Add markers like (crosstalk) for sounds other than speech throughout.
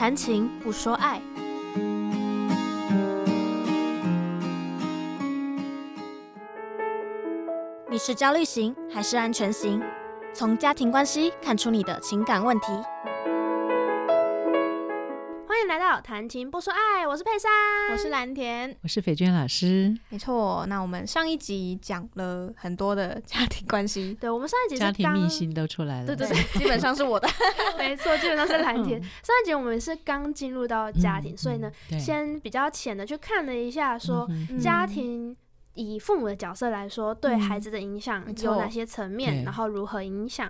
談情不說愛，你是焦慮型還是安全型？從家庭關係看出你的情感問題。談情不說愛，我是佩珊，我是藍田，我是斐娟老師。沒錯，那我們上一集講了很多的家庭關係，對，我們上一集是家庭祕辛都出來了，對對對，基本上是我的，沒錯，基本上是藍田。上一集我們是剛進入到家庭，所以呢，先比較淺的去看了一下，說家庭以父母的角色來說，對孩子的影響有哪些層面，然後如何影響。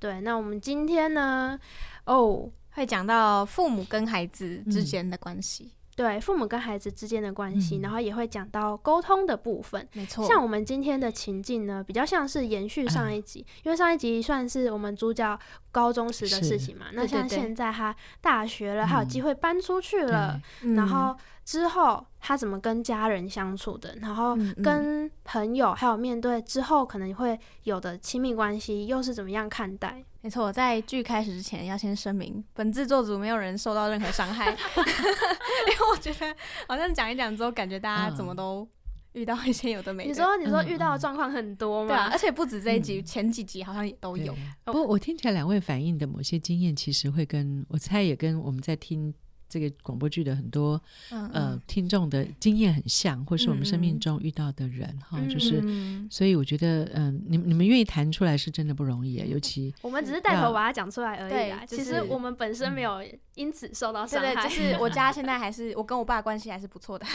對，那我們今天呢？哦。會講到父母跟孩子之間的關係，嗯、對，父母跟孩子之間的關係，嗯、然後也會講到溝通的部分，沒錯。像我們今天的情境呢，比較像是延續上一集，呃、因為上一集算是我們主角高中時的事情嘛。是那像現在他大學了，對對對，他有機會搬出去了，嗯嗯、然後。之後他怎麼跟家人相處的，然後跟朋友，還有面對之後可能會有的親密關係，又是怎麼樣看待？沒錯，我在劇開始之前要先聲明，本製作組沒有人受到任何傷害， (laughs) (laughs) 因為我覺得好像講一講之後，感覺大家怎麼都遇到一些有的沒的、嗯。你說，你說遇到的狀況很多嗎？嗯嗯。對啊，而且不止這一集，嗯、前幾集好像也都有。不，我聽起來兩位反應的某些經驗，其實會跟我猜也跟我們在聽。這個廣播劇的很多嗯、呃、聽眾的經驗很像，或是我們生命中遇到的人、嗯、哈，就是、嗯、所以我覺得嗯、呃，你你們願意談出來是真的不容易，尤其我們只是帶頭把它講出來而已啊。其實我們本身沒有因此受到傷害，嗯、對對，就是我家現在還是 (laughs) 我跟我爸關係還是不錯的。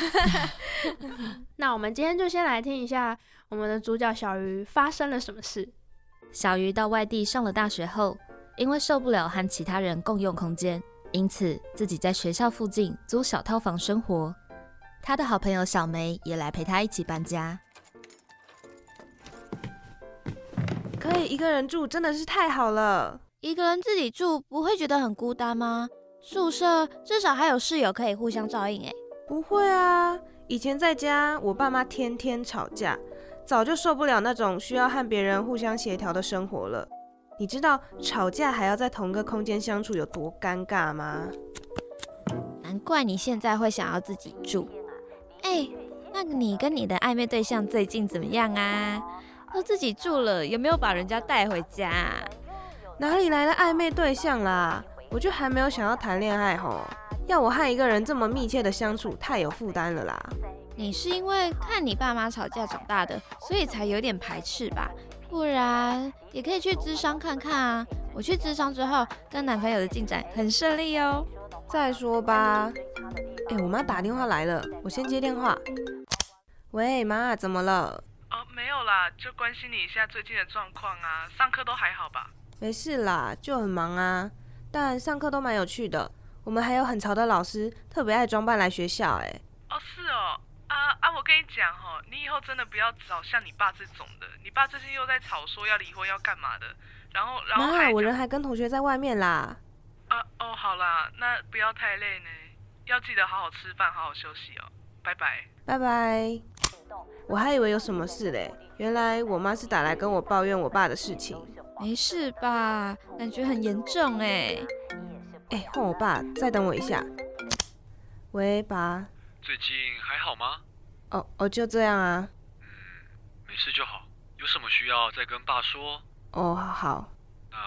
(laughs) (laughs) 那我們今天就先來聽一下我們的主角小魚發生了什麼事。小魚到外地上了大學後，因為受不了和其他人共用空間。因此，自己在學校附近租小套房生活。他的好朋友小梅也來陪他一起搬家。可以一個人住，真的是太好了！一個人自己住不會覺得很孤單嗎？宿舍至少還有室友可以互相照應欸，哎。不會啊，以前在家，我爸媽天天吵架，早就受不了那種需要和別人互相協調的生活了。你知道吵架還要在同一個空間相處有多尷尬嗎？難怪你現在會想要自己住。欸，那你跟你的曖昧對象最近怎麼樣啊？都自己住了，有沒有把人家帶回家？哪裡來的曖昧對象啦？我就還沒有想要談戀愛吼。要我和一個人這麼密切的相處，太有負擔了啦。你是因為看你爸媽吵架長大的，所以才有點排斥吧？不然也可以去諮商看看啊！我去諮商之後，跟男朋友的進展很順利哦。再說吧。哎、欸，我媽打電話來了，我先接電話。喂，媽，怎麼了？哦，沒有啦，就關心你一下最近的狀況啊。上課都還好吧？沒事啦，就很忙啊，但上課都蠻有趣的。我們還有很潮的老師，特別愛裝扮來學校，欸。哎。哦，是哦。啊，啊，我跟你講哦，你以後真的不要找像你爸這種的。你爸最近又在吵說要離婚要幹嘛的，然後，然後媽，我人還跟同學在外面啦。啊，哦，好啦，那不要太累呢，要記得好好吃飯，好好休息哦。拜拜。拜拜。我還以為有什麼事嘞，原來我媽是打來跟我抱怨我爸的事情。沒事吧？感覺很嚴重哎。哎、欸，換我爸，再等我一下。喂，爸，最近還好嗎？哦哦，就這樣啊。嗯，沒事就好。有什麼需要再跟爸說。哦，好，好。那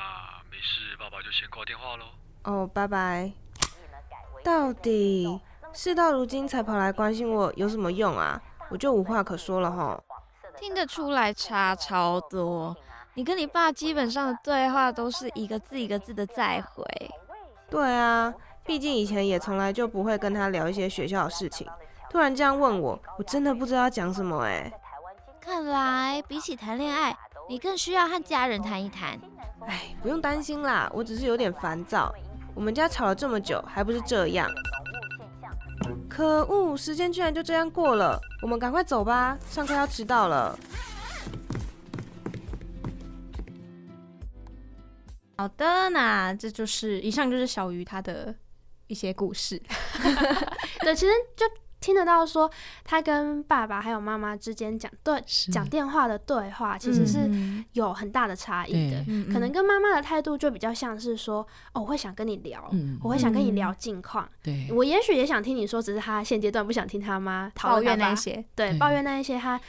沒事，爸爸就先掛電話嘍。哦，拜拜。到底事到如今才跑來關心我，有什麼用啊？我就無話可說了哈。聽得出來差超多。你跟你爸基本上的對話都是一個字一個字的在回。對啊，畢竟以前也從來就不會跟他聊一些學校的事情。突然這樣問我，我真的不知道要講什麼哎、欸。看來比起談戀愛，你更需要和家人談一談。哎，不用擔心啦，我只是有點煩躁。我們家吵了這麼久，還不是這樣？可惡，時間居然就這樣過了。我們趕快走吧，上課要遲到了。好的，那這就是以上就是小魚他的一些故事。對，其實就。就聽得到說，他跟爸爸還有媽媽之間講對講電話的對話，其實是有很大的差異的。可能跟媽媽的態度就比較像是說，哦，我會想跟你聊，我會想跟你聊近況。對，我也許也想聽你說，只是他現階段不想聽他媽抱怨那些，對，抱怨那一些他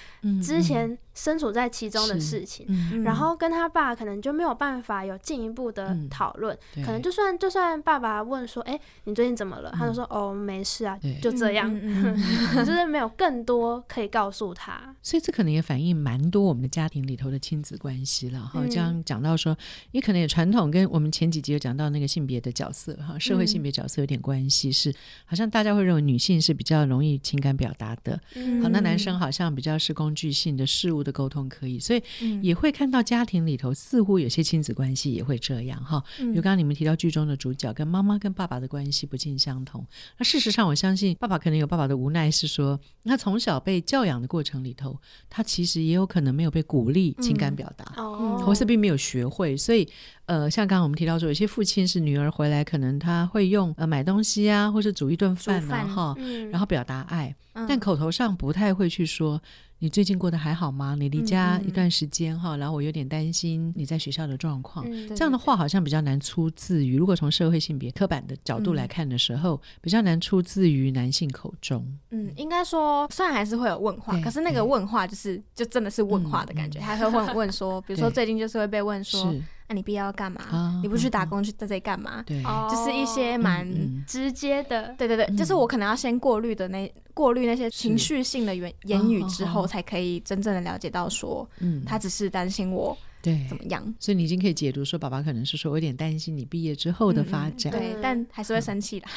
之前身處在其中的事情。然後跟他爸可能就沒有辦法有進一步的討論。可能就算就算爸爸問說，哎，你最近怎麼了？他就說，哦，沒事啊，就這樣。可是、 (laughs) 嗯、沒有更多可以告訴他，所以這可能也反映蠻多我們的家庭裡頭的親子關係了哈。這樣講到說，你、嗯、可能也傳統跟我們前幾集有講到那個性別的角色哈，社會性別角色有點關係，嗯、是好像大家會認為女性是比較容易情感表達的，嗯、好那男生好像比較是工具性的事物的溝通可以，所以也會看到家庭裡頭似乎有些親子關係也會這樣哈。嗯、比如剛剛你們提到劇中的主角跟媽媽跟爸爸的關係不盡相同，是那事實上我相信爸爸可能有爸爸的無奈是說，他從小被教養的過程裡頭，他其實也有可能沒有被鼓勵情感表達，嗯哦、或是並沒有學會。所以，呃，像剛剛我們提到說，有些父親是女兒回來，可能他會用呃買東西啊，或是煮一頓飯啊，哈，嗯、然後表達愛。但口頭上不太會去說，你最近過得還好嗎？你離家一段時間哈，然後我有點擔心你在學校的狀況。這樣的話好像比較難出自於，如果從社會性別刻板的角度來看的時候，比較難出自於男性口中。嗯，應該說，算還是會有問話，可是那個問話就是就真的是問話的感覺，還會問問說，比如說最近就是會被問說。那、啊、你必要要幹嘛？哦、你不去打工，哦、去在這裡幹嘛？對哦、就是一些蠻直接的。嗯、對對對，嗯、就是我可能要先過濾的那過濾那些情緒性的言是言語之後，才可以真正的了解到說，嗯，他只是擔心我。嗯嗯對，怎麼樣？所以你已經可以解讀說，爸爸可能是說我有點擔心你畢業之後的發展。對，但還是會生氣的，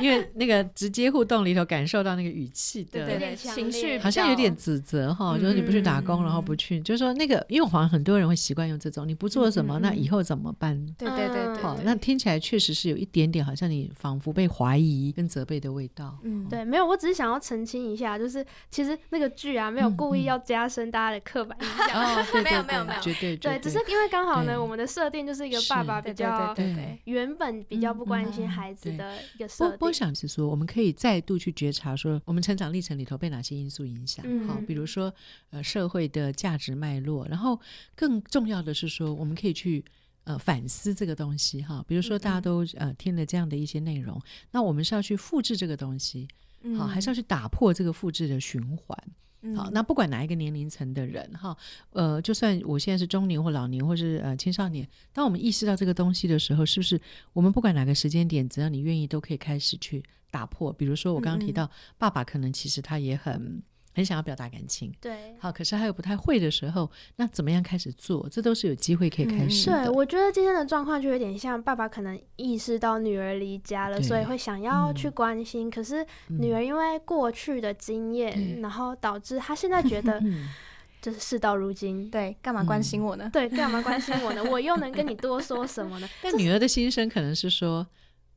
因為那個直接互動裡頭感受到那個語氣的，情緒，好像有點指責哈，就是你不去打工，然後不去，就是說那個，因為好像很多人會習慣用這種，你不做什麼，那以後怎麼辦？對對對，哦，那聽起來確實是有一點點好像你仿佛被懷疑跟責備的味道。嗯，對，沒有，我只是想要澄清一下，就是其實那個劇啊，沒有故意要加深大家的刻板印象，沒有沒有。沒有，絕對對，對，對，對，只是因為剛好呢，對，我們的設定就是一個爸爸比較對原本比較不關心孩子的一個設定。對對對對對不設、嗯嗯啊對我，我想是說，我們可以再度去覺察，說我們成長歷程裡頭被哪些因素影響。嗯、好，比如說呃社會的價值脈絡，然後更重要的是說，我們可以去呃反思這個東西哈。比如說大家都嗯嗯呃聽了這樣的一些內容，那我們是要去複製這個東西，嗯、好，還是要去打破這個複製的循環？好，那不管哪一個年齡層的人哈、嗯，呃，就算我現在是中年或老年，或是呃青少年，當我們意識到這個東西的時候，是不是我們不管哪個時間點，只要你願意，都可以開始去打破？比如說我剛剛提到，嗯、爸爸可能其實他也很。很想要表達感情，對，好，可是還有不太會的時候，那怎麼樣開始做？這都是有機會可以開始的、嗯、對，我覺得今天的狀況就有點像爸爸可能意識到女兒離家了，啊、所以會想要去關心。嗯、可是女兒因為過去的經驗，嗯、然後導致她現在覺得，就對是事到如今，對，幹嘛關心我呢？嗯、對，幹嘛關心我呢？ (laughs) 我又能跟你多說什麼呢？但女兒的心聲可能是說。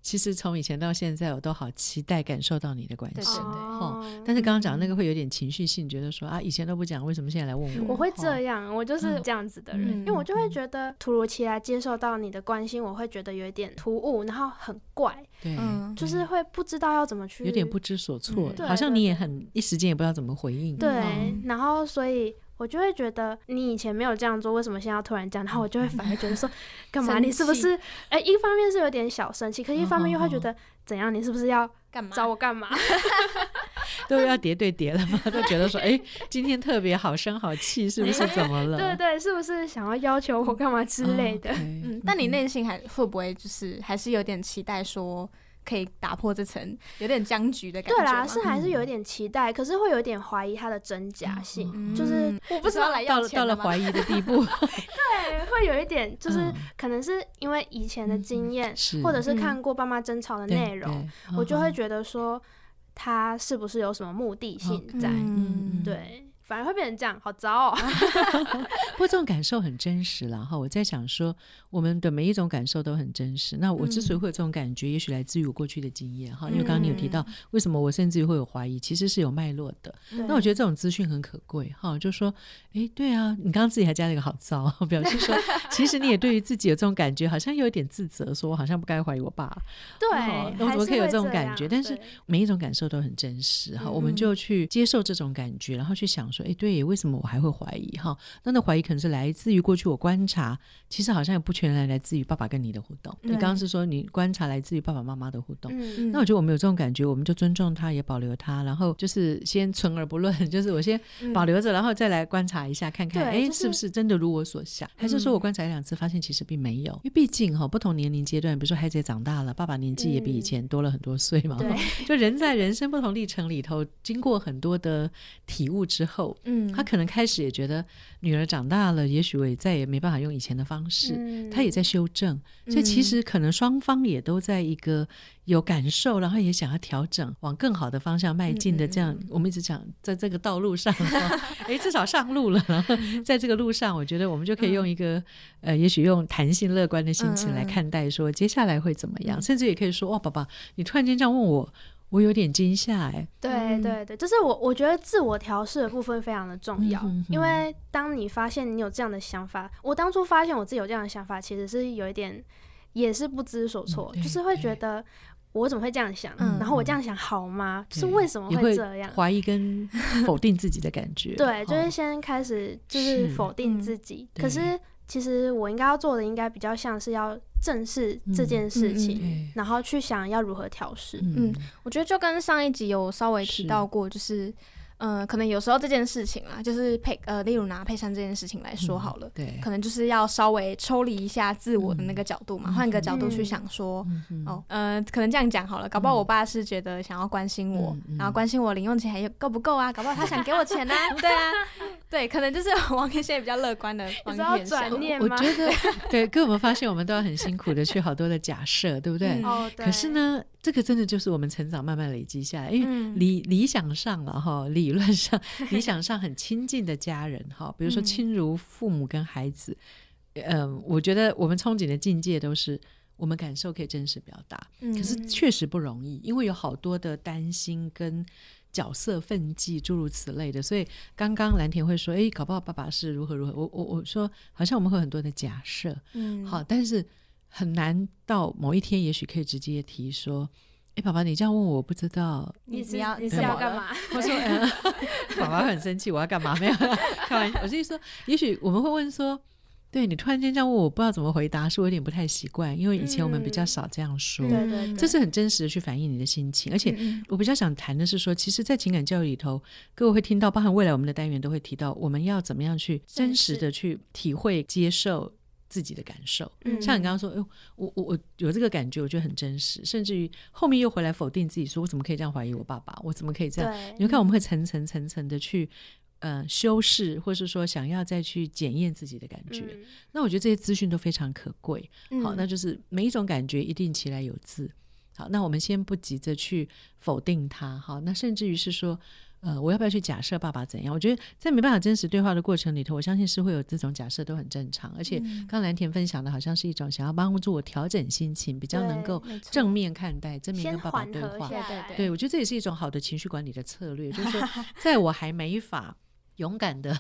其實從以前到現在，我都好期待感受到你的關心。對對對，但是剛剛講那個會有點情緒性，覺得說啊，以前都不講，為什麼現在來問我？我會這樣，我就是這樣子的人，因為我就會覺得突如其來接受到你的關心，我會覺得有點突兀，然後很怪。嗯，就是會不知道要怎麼去，有點不知所措，好像你也很一時間也不知道怎麼回應。對，然後所以。我就會覺得你以前沒有這樣做，為什麼現在要突然這樣？然後我就會反而覺得說，嗯、幹嘛？生氣。你是不是哎？一方面是有點小生氣，可是一方面又會覺得哦哦哦怎樣？你是不是要幹嘛？找我幹嘛？ (laughs) (laughs) 都要疊對疊了嘛。都覺得說，哎，今天特別好聲好氣，是不是怎麼了？嗯、對，對對，是不是想要要求我幹嘛之類的？哦、okay，嗯，嗯但你內心還會不會就是還是有點期待說？可以打破這層有點僵局的感覺，對啦，是還是有一點期待，嗯、可是會有一點懷疑它的真假性，嗯、就是我不知道來到了到了懷疑的地步， (laughs) 對，會有一點，就是、嗯、可能是因為以前的經驗，嗯啊、或者是看過爸媽爭吵的內容，嗯、我就會覺得說他是不是有什麼目的性在，嗯，對。嗯對。反而會變成這樣，好糟哦！不過這種感受很真實啦哈。我在想說，我們的每一種感受都很真實。那我之所以會有這種感覺，也許來自於我過去的經驗哈。因為剛剛你有提到，為什麼我甚至於會有懷疑，其實是有脈絡的。那我覺得這種資訊很可貴哈，就說，欸，對啊，你剛剛自己還加了一個好糟，表示說，其實你也對於自己有這種感覺，好像有一點自責，說我好像不該懷疑我爸。對，我怎麼可以有這種感覺？但是每一種感受都很真實哈。我們就去接受這種感覺，然後去想。說哎，對，為什麼我還會懷疑哈、哦？那那懷疑可能是來自於過去我觀察，其實好像也不全然來自於爸爸跟你的互動。對你剛剛是說你觀察來自於爸爸媽媽的互動。嗯嗯、那我覺得我們有這種感覺，我們就尊重他，也保留他，然後就是先存而不論，就是我先保留着，嗯，然後再來觀察一下，看看哎，嗯，是不是真的如我所想，就是，還是說我觀察兩次發現其實並沒有？嗯，因為畢竟哈、哦，不同年齡階段，比如說孩子長大了，爸爸年紀也比以前多了很多歲嘛。嗯，就人在人生不同歷程裡頭，經過很多的體悟之後，嗯，他可能開始也覺得女兒長大了，也許我也再也沒辦法用以前的方式，嗯、他也在修正，嗯、所以其實可能雙方也都在一個有感受，嗯、然後也想要調整，往更好的方向邁進的這樣。嗯、我們一直講在這個道路上，哎、嗯，至少上路了。 (laughs) 然後在這個路上，我覺得我們就可以用一個、嗯、呃，也許用彈性樂觀的心情來看待，說接下來會怎麼樣，嗯嗯、甚至也可以說，哇，爸爸，你突然間這樣問我。我有點驚嚇哎！對對對，嗯、就是我，我覺得自我調適的部分非常的重要，嗯、哼哼因為當你發現你有這樣的想法，我當初發現我自己有這樣的想法，其實是有一點也是不知所措，嗯、就是會覺得我怎麼會這樣想？嗯、然後我這樣想好嗎？嗯、就是為什麼會這樣？懷疑跟否定自己的感覺， (laughs) 對，就是先開始就是否定自己，是嗯、可是。其實我應該要做的，應該比較像是要正視這件事情，嗯嗯、然後去想要如何調適。嗯，我覺得就跟上一集有稍微提到過，是就是，呃，可能有時候這件事情啊，就是配呃，例如拿佩珊這件事情來說好了，嗯、對，可能就是要稍微抽離一下自我的那個角度嘛，換、嗯、個角度去想說，嗯嗯、哦，呃，可能這樣講好了，搞不好我爸是覺得想要關心我，嗯嗯、然後關心我零用錢還有夠不夠啊，搞不好他想給我錢呢、啊， (laughs) 對啊。對，可能就是王天現在比較樂觀的，你知道轉念嗎？我，我覺得，對，跟我們發現，我們都要很辛苦的去好多的假設， (laughs) 對不對？嗯、哦，對。可是呢，這個真的就是我們成長慢慢累積下來。因為理、嗯、理想上了哈，理論上理想上很親近的家人哈， (laughs) 比如說親如父母跟孩子，嗯、呃，我覺得我們憧憬的境界都是我們感受可以真實表達，嗯、可是確實不容易，因為有好多的擔心跟。角色分際，諸如此類的，所以剛剛藍田會說，哎、欸，搞不好爸爸是如何如何，我我我說，好像我們會有很多的假設，嗯，好，但是很難到某一天，也許可以直接提說，哎、欸，爸爸，你這樣問我，我不知道，你，是你要你是要幹嘛？幹嘛我說， (laughs) (laughs) 爸爸很生氣，我要幹嘛？ (laughs) 沒有，開玩笑，我是說，也許我們會問說。對，你突然間這樣問我，我不知道怎麼回答，是我有點不太習慣，因為以前我們比較少這樣說。嗯、對對對，這是很真實的去反映你的心情，而且我比較想談的是說，其實在情感教育裡頭，各位會聽到，包含未來我們的單元都會提到，我們要怎麼樣去真實的去體會、接受自己的感受。是像你剛剛說，哎，我我我有這個感覺，我覺得很真實，甚至於後面又回來否定自己說，說我怎麼可以這樣懷疑我爸爸？我怎麼可以這樣？對你看，我們會層層、層層的去。呃，修飾，或是說想要再去檢驗自己的感覺，嗯、那我覺得這些資訊都非常可貴。嗯、好，那就是每一種感覺一定其來有自。好，那我們先不急着去否定它，哈。那甚至於是說，呃，我要不要去假設爸爸怎樣？我覺得在沒辦法真實對話的過程裡頭，我相信是會有這種假設，都很正常。而且剛藍田分享的，好像是一種想要幫助我調整心情，比較能夠正面看待，對正面跟爸爸對話。對，對，對我覺得這也是一種好的情緒管理的策略，就是說在我還沒法。 (laughs) 勇敢的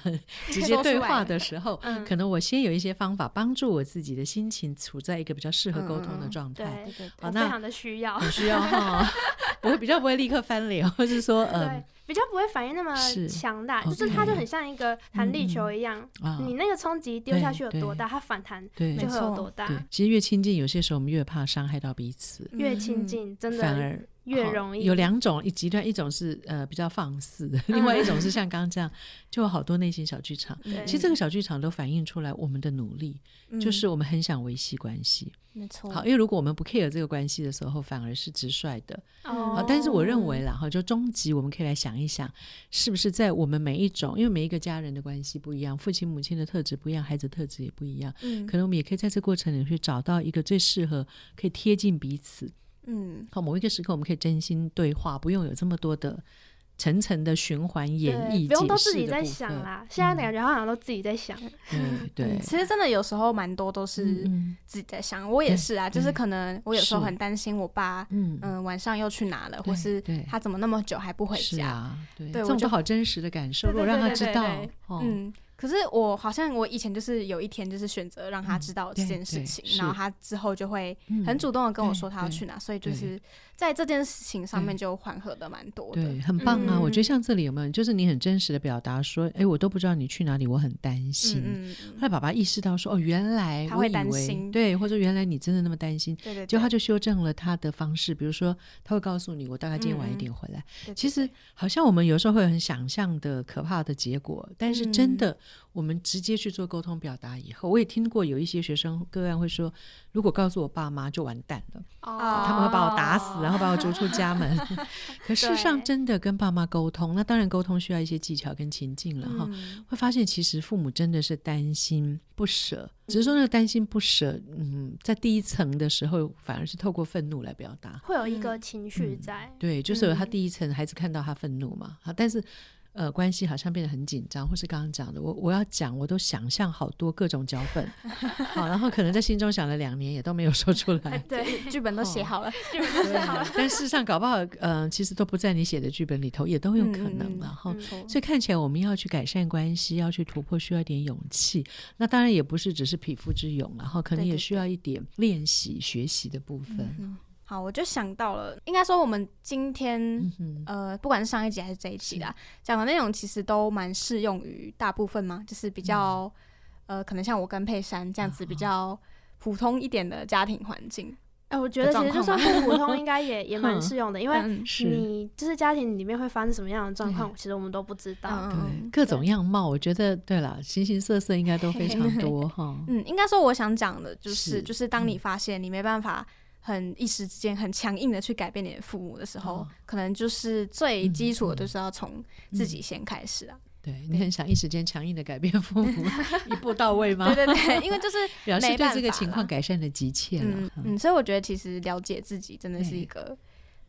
直接對話的時候，可能我先有一些方法幫助我自己的心情處在一個比較適合溝通的狀態。對，非常的需要，需要哈，不會比較不會立刻翻臉，或者是說，呃，比較不會反應那麼強大，就是它就很像一個彈力球一樣，你那個衝擊丟下去有多大，它反彈就會有多大。對，其實越親近，有些時候我們越怕傷害到彼此。越親近，真的反而。越容易有兩種一極端，一種是呃比較放肆的，嗯、另外一種是像剛剛這樣， (laughs) 就有好多內心小劇場。對其實這個小劇場都反映出來我們的努力，嗯、就是我們很想維繫關係。沒錯。好，因為如果我們不 care 這個關係的時候，反而是直率的。哦、嗯。好，但是我認為啦，哈，就終極，我們可以來想一想，是不是在我們每一種，因為每一個家人的關係不一樣，父親、母親的特質不一樣，孩子特質也不一樣。嗯。可能我們也可以在這過程裡去找到一個最適合，可以貼近彼此。嗯，好，某一個時刻我們可以真心對話，不用有這麼多的層層的循環演繹，不用都自己在想啦。現在感覺好像都自己在想，對對。其實真的有時候蠻多都是自己在想，我也是啊。就是可能我有時候很擔心我爸，嗯、晚上又去哪了，或是他怎麼那麼久還不回家？對，這種就好真實的感受。如果讓他知道，嗯。可是我好像我以前就是有一天就是選擇讓他知道這件事情，嗯、然後他之後就會很主動的跟我說他要去哪，嗯、所以就是在這件事情上面就緩和的蠻多，對，很棒啊！嗯、我覺得像這裡有沒有，就是你很真實的表達說，哎、欸，我都不知道你去哪裡，我很擔心。後來、嗯嗯、爸爸意識到說，哦，原來他會擔心，對，或者原來你真的那麼擔心，對，對對，就他就修正了他的方式，比如說他會告訴你，我大概今天晚一點回來。嗯、其實好像我們有時候會很想象的可怕的結果，但是真的。嗯我們直接去做溝通表達以後，我也聽過有一些學生個案會說，如果告訴我爸媽就完蛋了、oh. 啊，他們會把我打死，然後把我逐出家門。 (laughs) 可事實上，真的跟爸媽溝通，對那當然溝通需要一些技巧跟情境了哈、嗯哦，會發現其實父母真的是擔心不捨，嗯、只是說那個擔心不捨，嗯，在第一層的時候，反而是透過憤怒來表達，會有一個情緒在。嗯、對，就是他第一層孩子看到他憤怒嘛，嗯、好，但是。呃，關係好像變得很緊張，或是剛剛講的，我我要講，我都想象好多各種腳本，好、 (laughs) 哦，然後可能在心中想了兩年，也都沒有說出來。 (laughs) 對，劇本都寫好了，劇本都寫好了、哦、劇本都寫好了。對 (laughs) 但事實上，搞不好，嗯、呃，其實都不在你寫的劇本裡頭，也都有可能。然後所以看起來，我們要去改善關係，要去突破，需要一點勇氣。那當然也不是只是匹夫之勇，然後可能也需要一點練習、對對對，學習的部分。嗯哦好，我就想到了，應該說我們今天，呃，不管是上一集還是這一集啦，講的內容其實都蠻適用於大部分嘛，就是比較，呃，可能像我跟佩珊這樣子比較普通一點的家庭環境。哎，我覺得其實就算不普通，應該也也蠻適用的，因為你就是家庭裡面會發生什麼樣的狀況，其實我們都不知道。對，各種樣貌，我覺得對了，形形色色應該都非常多哈。嗯，應該說我想講的就是，就是當你發現你沒辦法。很一時之間很強硬的去改變你的父母的時候，哦、可能就是最基礎的就是要從自己先開始啊。嗯嗯嗯、對，對你很想一時間強硬的改變父母， (laughs) 一步到位嗎？ (laughs) 對對對，因為就是表示 (laughs) 對這個情況改善的急切了。嗯，嗯嗯，所以我覺得其實了解自己真的是一個。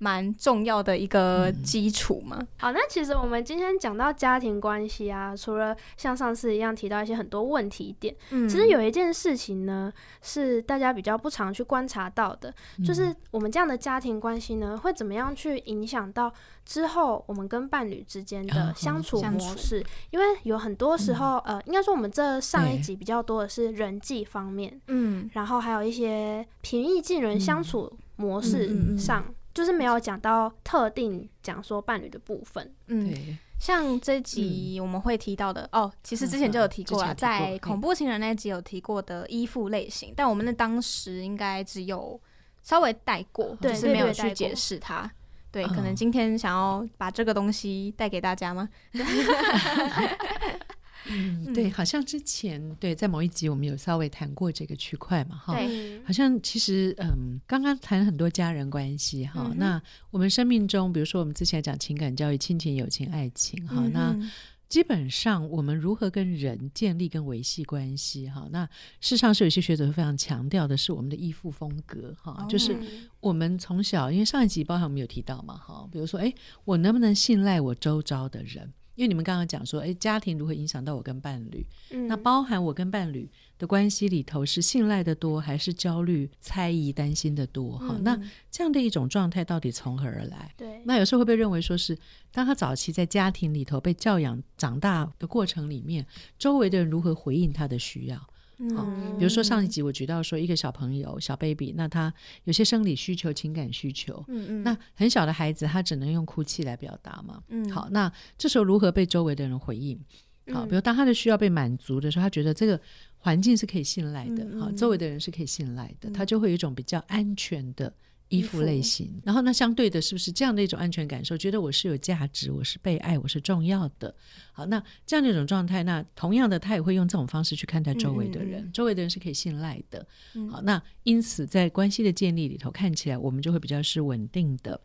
蠻重要的一個基礎嘛。好、嗯哦，那其實我們今天講到家庭關係啊，除了像上次一樣提到一些很多問題點，嗯、其實有一件事情呢，是大家比較不常去觀察到的，嗯、就是我們這樣的家庭關係呢，會怎麼樣去影響到之後我們跟伴侶之間的相處模式？嗯、因為有很多時候，嗯、呃，應該說我們這上一集比較多的是人際方面，嗯，然後還有一些平易近人相處模式上。嗯嗯嗯嗯就是沒有講到特定講說伴侶的部分，嗯，像這集我們會提到的、嗯、哦，其實之前就有提過了，過在恐怖情人那集有提過的依附類型，嗯、但我們那當時應該只有稍微帶過，只、哦、是沒有去解釋它。對，對，對，對，可能今天想要把這個東西帶給大家嗎？嗯 (laughs) (laughs) 嗯，對，好像之前對在某一集我們有稍微談過這個區塊嘛，哈，對好像其實，嗯，剛剛談很多家人關係哈，嗯、哼那我們生命中，比如說我們之前講情感教育、親情、友情、愛情、嗯、哼哈，那基本上我們如何跟人建立跟維繫關係哈，那事實上是有些學者會非常強調的是我們的依附風格哈，哦、就是我們從小因為上一集包含我們有提到嘛，哈，比如說，誒，我能不能信賴我周遭的人？因為你們剛剛講說，哎，家庭如何影響到我跟伴侶？嗯，那包含我跟伴侶的關係裡頭是信賴的多，還是焦慮、猜疑、擔心的多？哈，嗯哦，那這樣的一種狀態到底從何而來？對，那有時候會被認為說是，當他早期在家庭裡頭被教養長大的過程裡面，周圍的人如何回應他的需要？好、嗯哦，比如說上一集我舉到說，一個小朋友小 baby，那他有些生理需求、情感需求，嗯嗯，嗯那很小的孩子他只能用哭泣來表達嘛，嗯，好，那這時候如何被周圍的人回應？嗯、好，比如當他的需要被滿足的時候，他覺得這個環境是可以信賴的，好、嗯哦，周圍的人是可以信賴的，嗯、他就會有一種比較安全的。依附類型，服然後那相對的是不是這樣的一種安全感受，覺得我是有價值，我是被愛，我是重要的。好，那這樣的一種狀態，那同樣的他也會用這種方式去看待周圍的人，嗯、周圍的人是可以信賴的。嗯、好，那因此在關係的建立裡頭，看起來我們就會比較是穩定的，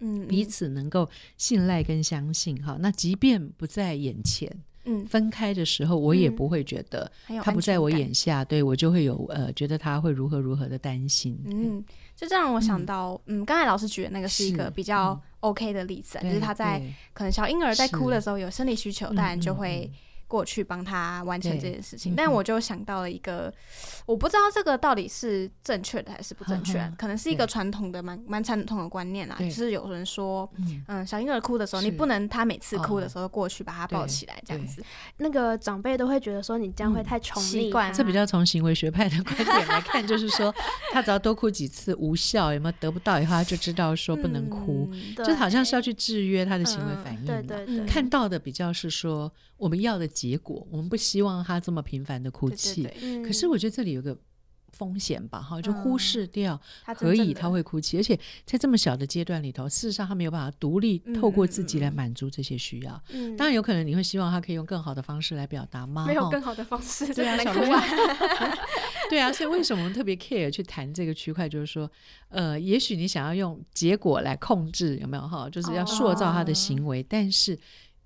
嗯，彼此能夠信賴跟相信。好，那即便不在眼前，嗯、分開的時候，我也不會覺得他不在我眼下，嗯、對，我就會有呃，覺得他會如何如何的擔心。嗯，就這讓我想到，嗯，剛、嗯、才老師舉的那個是一個比較 OK 的例子，是嗯、就是他在對可能小嬰兒在哭的時候有生理需求，大人是就會。過去幫他完成這件事情，但我就想到了一個，我不知道這個到底是正確的還是不正確，可能是一個傳統的蠻蠻傳統的觀念啊。就是有人說，嗯，小嬰兒哭的時候，你不能他每次哭的時候過去把他抱起來這樣子，那個長輩都會覺得說你這樣會太寵溺。這比較從行為學派的觀點來看，就是說他只要多哭幾次無效，有沒有得不到以後他就知道說不能哭，就好像是要去制約他的行為反應。對對，看到的比較是說。我們要的結果，我們不希望他這麼頻繁的哭泣。對對對，嗯、可是我覺得這裡有個風險吧，哈、嗯，就忽視掉，可以他會哭泣，嗯、而且在這麼小的階段裡頭，事實上他沒有辦法獨立透過自己來滿足這些需要。嗯、當然，有可能你會希望他可以用更好的方式來表達嗎？嗯、後沒有更好的方式，後這 對啊，小哭娃 (laughs) (laughs) 對啊，所以為什麼我們特別 care 去談這個區塊？就是說，呃，也許你想要用結果來控制，有沒有哈、哦，就是要塑造他的行為，哦、但是。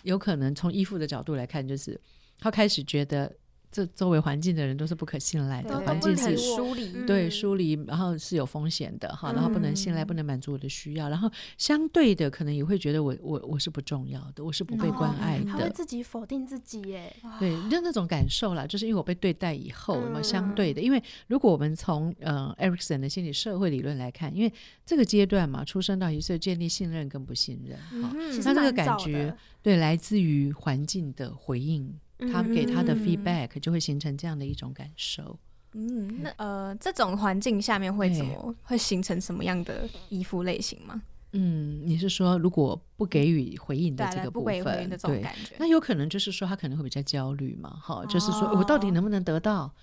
有可能從依附的角度來看，就是他開始覺得。這周圍環境的人都是不可信賴的對環境是疏離對疏離離、嗯，然後是有風險的哈，嗯、然後不能信賴，不能滿足我的需要。然後相對的，可能也會覺得我我我是不重要的，我是不被關愛的，哦、自己否定自己耶。對，哇就那種感受啦，就是因為我被對待以後，那麼、嗯、相對的？因為如果我們從呃 Erikson 的心理社會理論來看，因為這個階段嘛，出生到一歲建立信任跟不信任，哈、嗯哼，那這個感覺對來自於環境的回應。嗯、他給他的 feedback 就會形成這樣的一種感受。嗯，那呃，這種環境下面會怎麼，欸、會形成什麼樣的依附類型嗎？嗯，你是說如果不給予回應的這個部分，對，不給予回應的這種感覺。那有可能就是說他可能會比較焦慮嘛，哈、哦，就是說我到底能不能得到？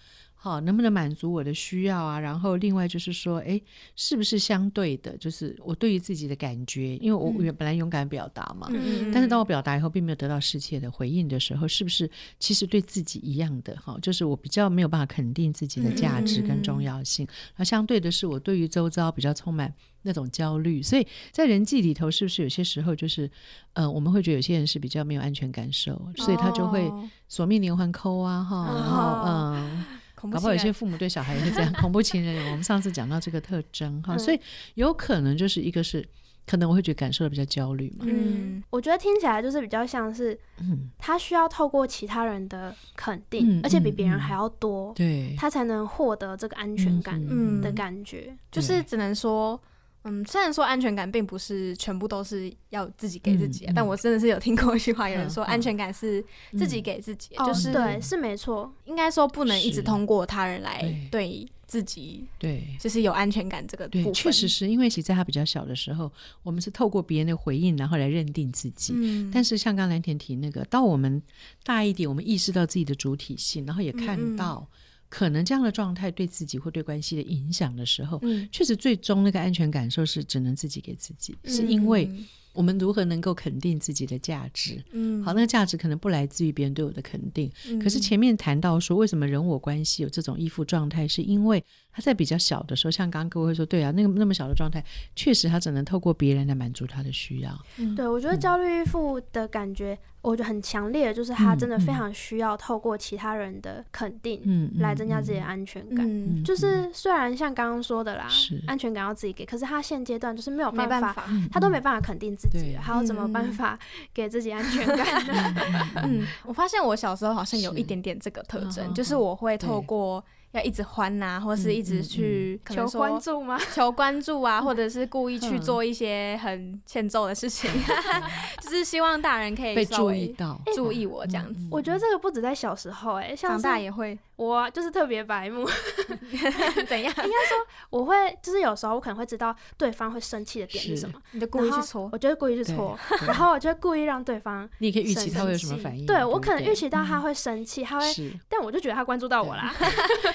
好，能不能滿足我的需要啊？然後另外就是說，哎，是不是相對的？就是我對於自己的感覺，因為我原本來勇敢表達嘛，嗯、但是當我表達以後，並沒有得到世界的回應的時候，是不是其實對自己一樣的？哈，就是我比較沒有辦法肯定自己的價值跟重要性。那、嗯嗯嗯、相對的是，我對於周遭比較充滿那種焦慮。所以在人際裡頭，是不是有些時候就是，嗯、呃，我們會覺得有些人是比較沒有安全感受，所以他就會索命連環扣啊，哈、哦，然後、哦、嗯。搞不好有些父母對小孩也是這樣， (laughs) 恐怖情人。我們上次講到這個特徵哈、嗯，所以有可能就是一個是，可能我會覺得感受得比較焦慮嘛。嗯，我覺得聽起來就是比較像是，他、嗯、需要透過其他人的肯定，嗯、而且比別人還要多，對、嗯，他才能獲得這個安全感，的感覺，嗯嗯、就是只能說。嗯，雖然說安全感並不是全部都是要自己給自己，嗯嗯、但我真的是有聽過一句話，有人說安全感是自己給自己，嗯嗯、就是對，是沒錯，應該說不能一直通過他人來對自己，對，就是有安全感這個部分。確、嗯嗯哦、實是因為其實在他比較小的時候，我們是透過別人的回應，然後來認定自己。嗯、但是像剛剛藍田提那個，到我們大一點，我們意識到自己的主體性，然後也看到、嗯。嗯可能這樣的狀態對自己或對關係的影響的時候，嗯，確實最終那個安全感受是只能自己給自己，嗯，是因為我們如何能夠肯定自己的價值？嗯，好，那個價值可能不來自於別人對我的肯定，嗯，可是前面談到說，為什麼人我關係有這種依附狀態，是因為。他在比較小的時候，像剛剛各位說，對啊，那個那麼小的狀態，確實他只能透過別人來滿足他的需要。嗯、對，我覺得焦慮依附的感覺，嗯、我覺得很強烈，就是他真的非常需要透過其他人的肯定，嗯，來增加自己的安全感。嗯嗯嗯嗯、就是雖然像剛剛說的啦，是安全感要自己給，可是他現階段就是沒有辦法，他都沒辦法肯定自己，他了要怎麼辦法給自己安全感呢？嗯， (laughs) 嗯，我發現我小時候好像有一點點這個特徵，是就是我會透過。要一直歡吶，或者是一直去求關注嗎？求關注啊，或者是故意去做一些很欠揍的事情，就是希望大人可以注意到注意我這樣子。我覺得這個不止在小時候，哎，像長大也會。我就是特別白目，怎樣？應該說我會就是有時候我可能會知道對方會生氣的點是什麼，你就故意去戳，我就故意去戳，然後我就故意讓對方。你可以預期他會有什麼反應？對，我可能預期到他會生氣，他會，但我就覺得他關注到我啦。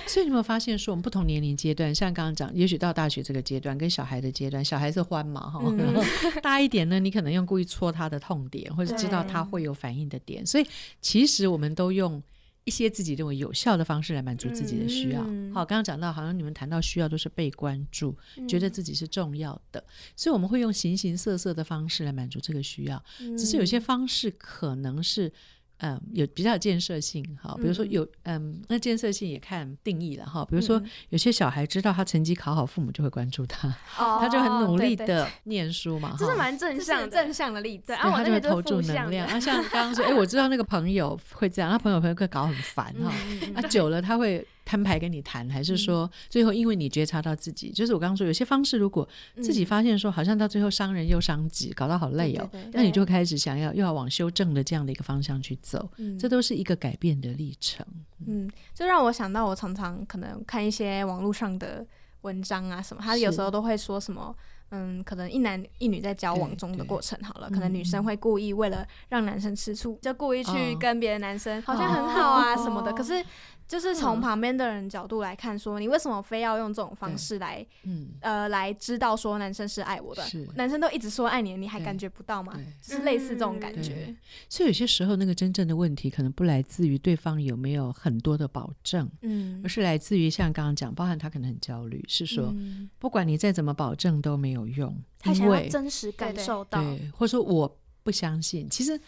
所以你有沒有發現，說我們不同年齡階段，像剛剛講，也許到大學這個階段，跟小孩的階段，小孩子歡嘛哈，嗯、大一點呢，你可能用故意戳他的痛點，或者知道他會有反應的點。對所以其實我們都用一些自己認為有效的方式來滿足自己的需要。嗯嗯、好，剛剛講到，好像你們談到需要都是被關注，嗯、覺得自己是重要的，所以我們會用形形色色的方式來滿足這個需要，只是有些方式可能是。嗯，有比較有建設性哈，比如說有嗯，嗯，那建設性也看定義了哈。比如說有些小孩知道他成績考好，父母就會關注他，嗯、 (laughs) 他就很努力的念書嘛。哦、對對，這是蠻正向的，正向的例子。對，啊、我就他就會投注能量。啊，那像剛剛說，哦、誒，我知道那個朋友會這樣，他朋友朋友會搞很煩哈，嗯、啊，對久了他會。攤牌跟你談，還是說最後因為你覺察到自己，就是我剛剛說有些方式，如果自己發現說好像到最後傷人又傷己，搞得好累哦，那你就開始想要又要往修正的這樣的一個方向去走，這都是一個改變的歷程。嗯，就讓我想到我常常可能看一些網絡上的文章啊什麼，他有時候都會說什麼，嗯，可能一男一女在交往中的過程好了，可能女生會故意為了讓男生吃醋，就故意去跟別的男生好像很好啊什麼的，可是。就是從旁邊的人角度來看說，說你為什麼非要用這種方式來，嗯，呃，來知道說男生是愛我的，是，男生都一直說愛你，你還感覺不到嗎？就是類似這種感覺。嗯，所以有些時候，那個真正的問題可能不來自於對方有沒有很多的保證，嗯，而是來自於像剛剛講，包含他可能很焦慮，是說不管你再怎麼保證都沒有用，他才會真實感受到，對，對，或者說我不相信。其實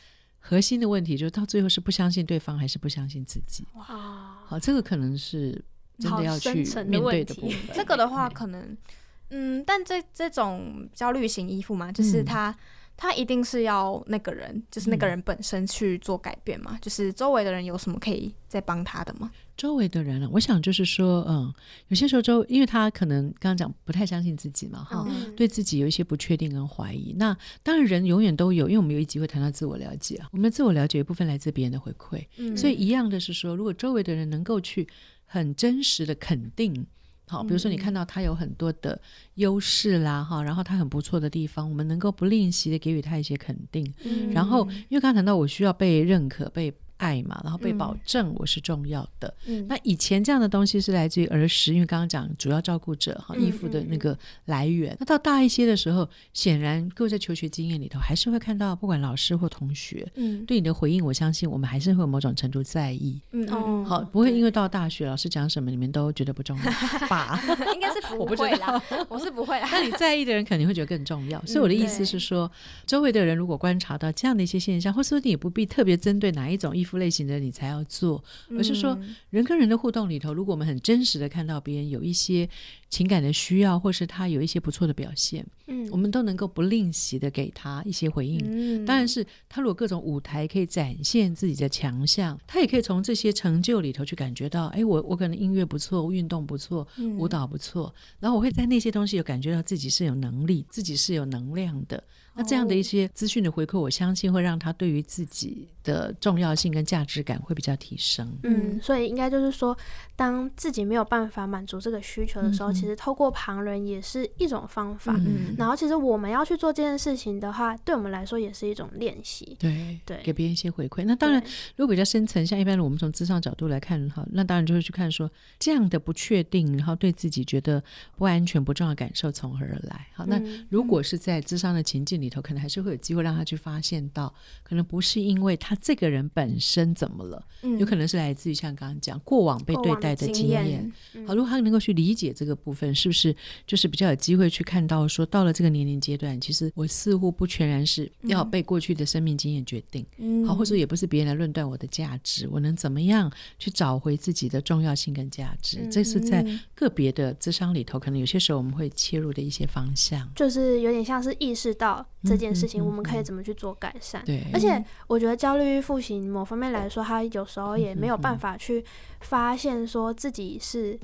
核心的問題就是到最後是不相信對方，還是不相信自己？哇！好，這個可能是真的要去面對的部分。這個的話，可能， (laughs) 嗯，但這這種焦慮型依附嘛，嗯、就是它。他一定是要那個人，就是那個人本身去做改變嘛？嗯、就是周圍的人有什麼可以再幫他的嗎？周圍的人呢、啊？我想就是說，嗯，有些時候周，因為他可能剛剛講不太相信自己嘛，哈、嗯，對自己有一些不確定跟懷疑。那當然人永遠都有，因為我們有一集會談到自我了解啊，我們的自我了解一部分來自別人的回饋，嗯、所以一樣的是說，如果周圍的人能夠去很真實的肯定。好，比如說你看到他有很多的優勢啦，哈、嗯嗯，然後他很不錯的地方，我們能夠不吝惜的給予他一些肯定。嗯，然後因為剛才談到我需要被認可、被。愛嘛，然後被保證我是重要的。嗯，那以前這樣的東西是來自於兒時，因為剛剛講主要照顧者哈依附的那個來源。那到大一些的時候，顯然各位在求學經驗裡頭，還是會看到不管老師或同學，嗯，對你的回應，我相信我們還是會有某種程度在意。嗯，好，不會因為到大學老師講什麼，你們都覺得不重要吧？應該是不會啦，我是不會啦。那你在意的人肯定會覺得更重要。所以我的意思是說，周圍的人如果觀察到這樣的一些現象，或是說你也不必特別針對哪一種依。類型的你才要做，而是說人跟人的互動裡頭，如果我們很真實的看到別人有一些情感的需要，或是他有一些不錯的表現，嗯，我們都能夠不吝惜的給他一些回應。嗯，當然是他如果各種舞台可以展現自己的強項，他也可以從這些成就裡頭去感覺到，哎，欸，我我可能音樂不錯，運動不錯，嗯，舞蹈不錯，然後我會在那些東西有感覺到自己是有能力，嗯，自己是有能量的。那這樣的一些資訊的回饋，我相信會讓他對於自己的重要性跟價值感會比較提升。嗯，所以應該就是說，當自己沒有辦法滿足這個需求的時候，嗯、其實透過旁人也是一種方法。嗯，然後其實我們要去做這件事情的話，對我們來說也是一種練習。對對，對給別人一些回饋。那當然，對如果比較深層，像一般我們從諮商角度來看哈，那當然就會去看說這樣的不確定，然後對自己覺得不安全、不重要的感受從何而來。好，那如果是在諮商的情境裡。裡頭可能還是會有機會讓他去發現到，可能不是因為他這個人本身怎麼了，嗯、有可能是來自於像剛剛講過往被對待的經驗。經驗嗯、好，如果他能夠去理解這個部分，是不是就是比較有機會去看到說，到了這個年齡階段，其實我似乎不全然是要被過去的生命經驗決定，嗯、好，或者也不是別人來論斷我的價值，我能怎麼樣去找回自己的重要性跟價值？嗯、這是在個別的諮商裡頭，可能有些時候我們會切入的一些方向，就是有點像是意識到，這件事情我們可以怎麼去做改善？對、嗯，嗯、而且我覺得焦慮附型某方面來說，哦、他有時候也沒有辦法去發現說自己是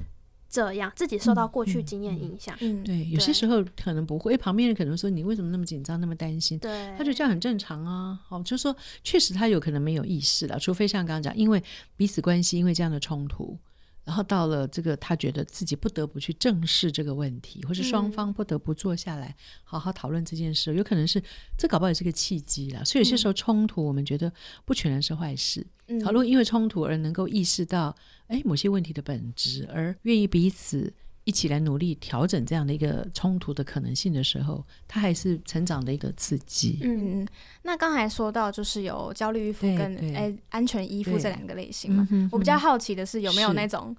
這樣，嗯嗯嗯、自己受到過去經驗影響。嗯，嗯，嗯，對，對有些時候可能不會、欸，旁邊人可能說你為什麼那麼緊張、那麼擔心？對，他就這樣很正常啊。哦，就說確實他有可能沒有意識了，除非像剛剛講，因為彼此關係，因為這樣的衝突。然後到了這個，他覺得自己不得不去正視這個問題，或是雙方不得不坐下來好好討論這件事。嗯、有可能是這搞不好也是個契機啦。所以有些時候衝突，我們覺得不全然是壞事。好、嗯，如果因為衝突而能夠意識到，誒，某些問題的本質，而願意彼此。一起來努力調整這樣的一個衝突的可能性的時候，他還是成長的一個刺激。嗯，那剛才說到就是有焦慮依附跟誒安全依附這兩個類型嘛，我比較好奇的是有沒有那種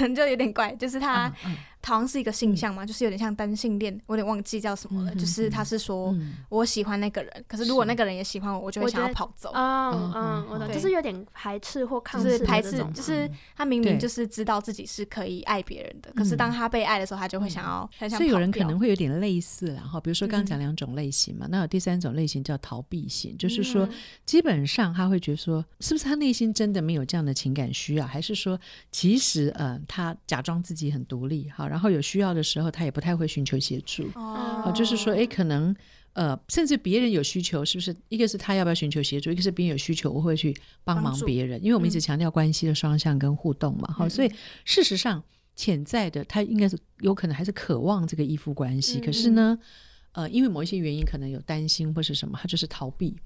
是 (laughs) 就有點怪，就是他。嗯嗯好像是一個性向嘛，就是有點像單性戀，我有點忘記叫什麼了。就是他是說我喜歡那個人，可是如果那個人也喜歡我，我就會想要跑走。嗯嗯，我的就是有點排斥或抗拒。排斥就是他明明就是知道自己是可以愛別人的，可是當他被愛的時候，他就會想要。所以有人可能會有點類似，然後比如說剛剛講兩種類型嘛，那有第三種類型叫逃避型，就是說基本上他會覺得說，是不是他內心真的沒有這樣的情感需要，還是說其實呃他假裝自己很獨立哈？然後有需要的時候，他也不太會尋求協助。哦、啊，就是說，哎、欸，可能，呃，甚至別人有需求，是不是？一個是他要不要尋求協助，一個是別人有需求，我會去幫忙別人。幫助。因為我們一直強調關係的雙向跟互動嘛，好、嗯哦，所以事實上潛在的他應該是有可能還是渴望這個依附關係，嗯嗯，可是呢，呃，因為某一些原因，可能有擔心或是什麼，他就是逃避。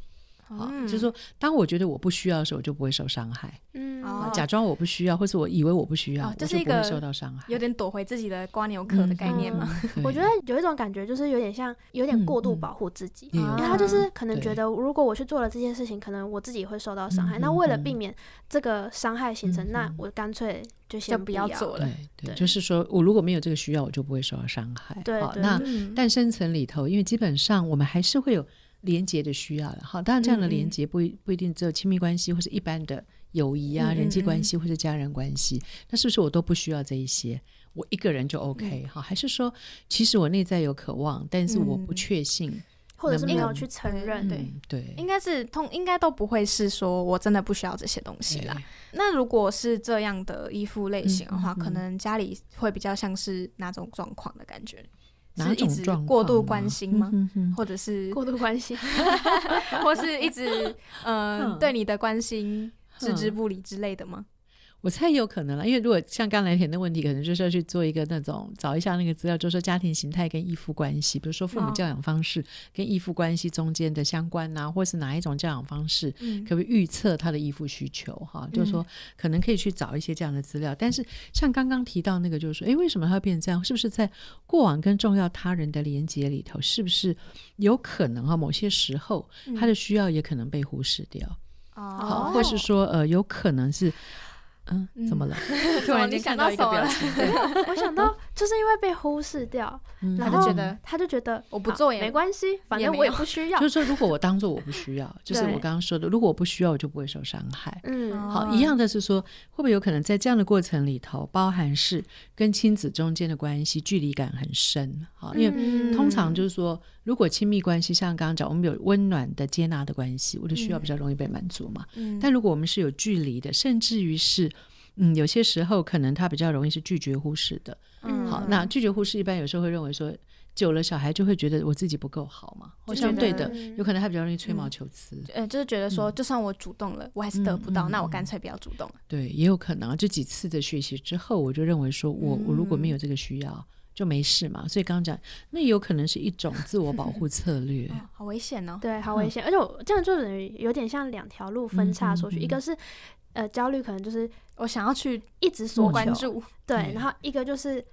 好，就是說，當我覺得我不需要的時候，我就不會受傷害。嗯，假裝我不需要，或是我以為我不需要，我就不會受到傷害。有點躲回自己的蝸牛殼的概念嗎？我覺得有一種感覺，就是有點像有點過度保護自己，因為他就是可能覺得，如果我去做了這件事情，可能我自己會受到傷害。那為了避免這個傷害形成，那我乾脆就先不要做了。對，就是說我如果沒有這個需要，我就不會受到傷害。好，那但生存裡頭，因為基本上我們還是會有連接的需要了，好，當然這樣的連接不一嗯嗯不一定只有親密關係或是一般的友誼啊、嗯嗯人際關係或者家人關係，那是不是我都不需要這一些，我一個人就 OK，、嗯、好，還是說其實我內在有渴望，但是我不確信，嗯、麼或者是沒有去承認，對、嗯、對，對應該是通，應該都不會是說我真的不需要這些東西啦。對那如果是這樣的依附類型的話，嗯嗯嗯可能家裡會比較像是哪種狀況的感覺？是一直過度關心嗎？嗯、哼哼或者是過度關心， (laughs) (laughs) 或是一直嗯、呃、哼對你的關心置之不理之類的嗎？我猜也有可能了，因為如果像剛才談的問題，可能就是要去做一個那種找一下那個資料，就是、說家庭形態跟依附關係，比如說父母教養方式跟依附關係中間的相關吶、啊，嗯、或是哪一種教養方式，嗯、可不可以預測他的依附需求？哈，就是說可能可以去找一些這樣的資料。嗯、但是像剛剛提到那個，就是說，哎、欸，為什麼他會變成這樣？是不是在過往跟重要他人的連接裡頭，是不是有可能哈？某些時候他的需要也可能被忽視掉，啊，或是說呃，有可能是。嗯，怎麼了？突然就想到一個表情，我想到就是因為被忽視掉，嗯、然後就覺得他就覺得、嗯、好我不做也沒關係，反正我也不需要。就是說，如果我當做我不需要，就是我剛剛說的，如果我不需要，我就不會受傷害。嗯，好，一樣的是說，會不會有可能在這樣的過程裡頭，包含是跟親子中間的關係距離感很深？好，因為通常就是說。嗯嗯如果親密關係像剛剛講，我們有溫暖的接納的關係，我的需要比較容易被滿足嘛。嗯、但如果我們是有距離的，甚至於是，嗯，有些時候可能他比較容易是拒絕忽視的。嗯、好，那拒絕忽視一般有時候會認為說，久了小孩就會覺得我自己不夠好嘛，相對的，有可能他比較容易吹毛求疵、嗯。呃，就是覺得說，嗯、就算我主動了，我還是得不到，嗯嗯嗯、那我乾脆不要主動。對，也有可能啊，就幾次的學習之後，我就認為說我我如果沒有這個需要。就沒事嘛，所以剛剛講，那有可能是一種自我保護策略， (laughs) 哦、好危險哦， (noise) 對，好危險，而且我這樣做等於有點像兩條路分叉出去，嗯嗯嗯，一個是，呃，焦慮可能就是我想要去一直所關注，球對，然後一個就是